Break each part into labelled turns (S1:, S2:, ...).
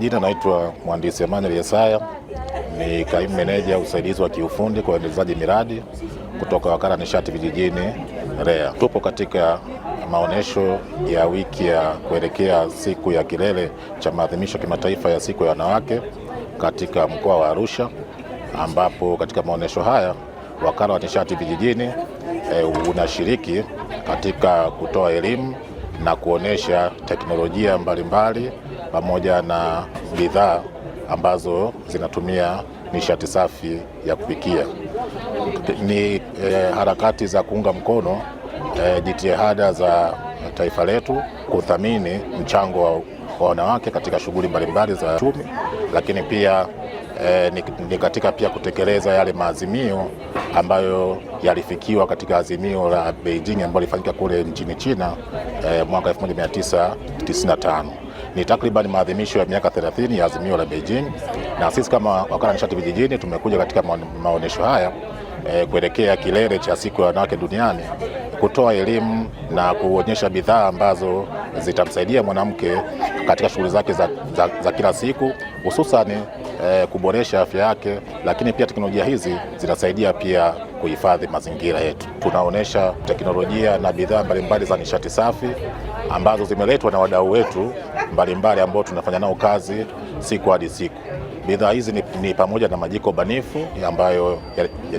S1: Jina naitwa Mhandisi Emmanuel Yesaya, ni kaimu meneja usaidizi wa kiufundi kwa uendelezaji miradi kutoka wakala nishati vijijini REA. Tupo katika maonyesho ya wiki ya kuelekea siku ya kilele cha maadhimisho kimataifa ya siku ya wanawake katika mkoa wa Arusha, ambapo katika maonyesho haya wakala wa nishati vijijini e, unashiriki katika kutoa elimu na kuonesha teknolojia mbalimbali pamoja na bidhaa ambazo zinatumia nishati safi ya kupikia. Ni e, harakati za kuunga mkono e, jitihada za taifa letu kuthamini mchango wa kwa wanawake katika shughuli mbalimbali za uchumi, lakini pia e, ni, ni katika pia kutekeleza yale maazimio ambayo yalifikiwa katika azimio la Beijing ambalo lilifanyika kule nchini China e, mwaka 1995. Ni takriban maadhimisho ya miaka 30 ya azimio la Beijing, na sisi kama wakala nishati vijijini tumekuja katika maonyesho haya e, kuelekea kilele cha siku ya wanawake duniani kutoa elimu na kuonyesha bidhaa ambazo zitamsaidia mwanamke katika shughuli zake za, za, za kila siku hususani e, eh, kuboresha afya yake, lakini pia teknolojia hizi zinasaidia pia kuhifadhi mazingira yetu. Tunaonyesha teknolojia na bidhaa mbalimbali za nishati safi ambazo zimeletwa na wadau wetu mbalimbali ambao tunafanya nao kazi siku hadi siku. Bidhaa hizi ni, ni pamoja na majiko banifu ambayo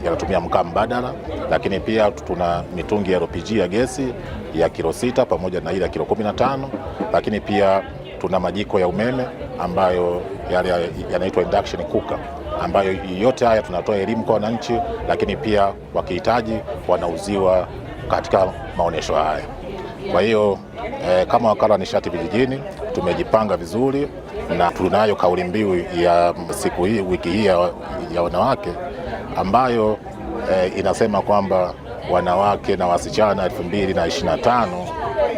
S1: yanatumia mkaa mbadala, lakini pia tuna mitungi ya LPG ya gesi ya kilo sita pamoja na ile ya kilo tano lakini pia tuna majiko ya umeme ambayo yale yanaitwa induction cooker ambayo yote haya tunatoa elimu kwa wananchi, lakini pia wakihitaji wanauziwa katika maonyesho haya. Kwa hiyo e, kama wakala wa nishati vijijini tumejipanga vizuri na tunayo kauli mbiu ya siku hii wiki hii ya, ya wanawake ambayo e, inasema kwamba wanawake na wasichana 2025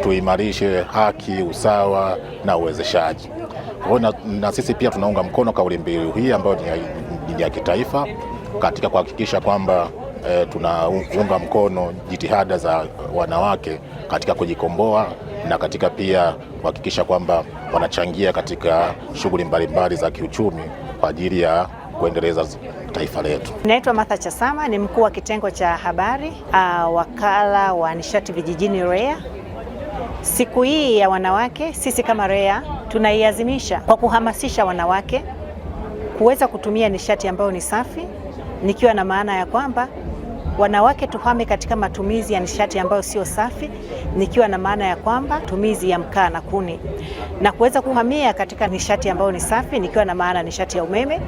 S1: tuimarishe haki, usawa na uwezeshaji. Kwa hiyo na sisi pia tunaunga mkono kauli mbiu hii ambayo ni ya kitaifa katika kuhakikisha kwamba e, tunaunga mkono jitihada za wanawake katika kujikomboa na katika pia kuhakikisha kwamba wanachangia katika shughuli mbalimbali za kiuchumi kwa ajili ya kuendeleza taifa letu.
S2: Naitwa Martha Chasama, ni mkuu wa kitengo cha habari uh, wakala wa nishati vijijini REA. Siku hii ya wanawake, sisi kama REA tunaiazimisha kwa kuhamasisha wanawake kuweza kutumia nishati ambayo ni safi, nikiwa na maana ya kwamba wanawake tuhame katika matumizi ya nishati ambayo sio safi, nikiwa na maana ya kwamba matumizi ya mkaa na kuni, na kuweza kuhamia katika nishati ambayo ni safi, nikiwa na maana nishati ya umeme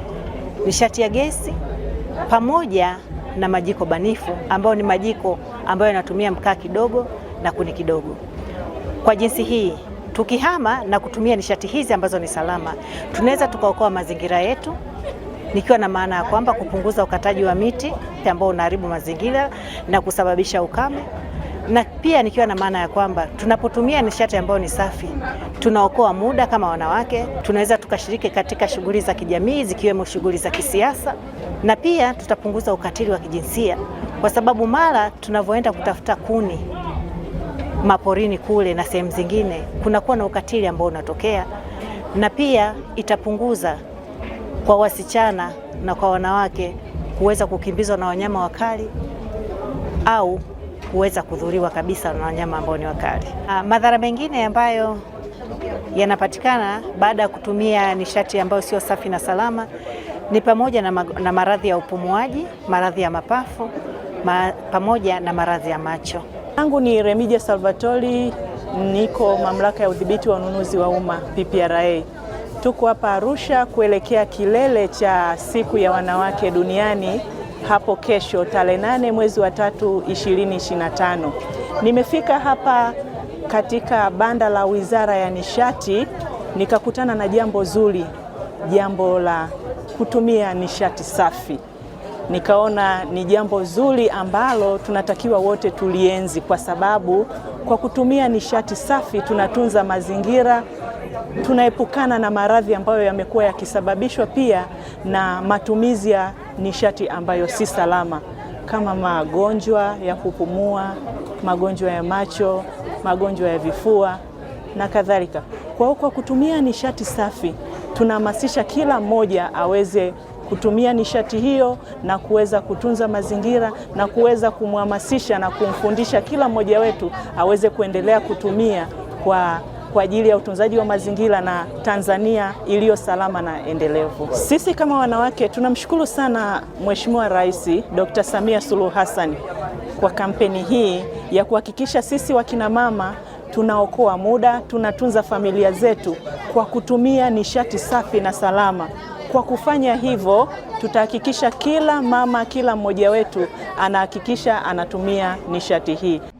S2: nishati ya gesi pamoja na majiko banifu ambayo ni majiko ambayo yanatumia mkaa kidogo na kuni kidogo. Kwa jinsi hii tukihama na kutumia nishati hizi ambazo ni salama, tunaweza tukaokoa mazingira yetu, nikiwa na maana ya kwamba kupunguza ukataji wa miti ambao unaharibu mazingira na kusababisha ukame na pia nikiwa na maana ya kwamba tunapotumia nishati ambayo ni safi, tunaokoa muda. Kama wanawake, tunaweza tukashiriki katika shughuli za kijamii zikiwemo shughuli za kisiasa, na pia tutapunguza ukatili wa kijinsia, kwa sababu mara tunavyoenda kutafuta kuni maporini kule na sehemu zingine, kunakuwa na ukatili ambao unatokea, na pia itapunguza kwa wasichana na kwa wanawake kuweza kukimbizwa na wanyama wakali au huweza kudhuriwa kabisa na wanyama ambao ni wakali. Ah, madhara mengine ambayo yanapatikana baada ya kutumia nishati ambayo sio safi na salama ni pamoja na maradhi ya upumuaji, maradhi ya mapafu ma, pamoja na maradhi ya macho.
S3: Yangu ni remija Salvatori, niko mamlaka ya udhibiti wa ununuzi wa umma PPRA. Tuko hapa Arusha kuelekea kilele cha siku ya wanawake duniani hapo kesho tarehe nane mwezi wa tatu 2025. Nimefika hapa katika banda la Wizara ya Nishati nikakutana na jambo zuri, jambo la kutumia nishati safi. Nikaona ni jambo zuri ambalo tunatakiwa wote tulienzi, kwa sababu kwa kutumia nishati safi tunatunza mazingira, tunaepukana na maradhi ambayo yamekuwa yakisababishwa pia na matumizi ya nishati ambayo si salama kama magonjwa ya kupumua, magonjwa ya macho, magonjwa ya vifua na kadhalika. Kwa hiyo kwa kutumia nishati safi tunahamasisha kila mmoja aweze kutumia nishati hiyo na kuweza kutunza mazingira na kuweza kumhamasisha na kumfundisha kila mmoja wetu aweze kuendelea kutumia kwa kwa ajili ya utunzaji wa mazingira na Tanzania iliyo salama na endelevu. Sisi kama wanawake tunamshukuru sana Mheshimiwa Rais Dr. Samia Suluhu Hassan kwa kampeni hii ya kuhakikisha sisi mama tunaokoa muda, tunatunza familia zetu kwa kutumia nishati safi na salama. Kwa kufanya hivyo, tutahakikisha kila mama, kila mmoja wetu anahakikisha anatumia nishati hii.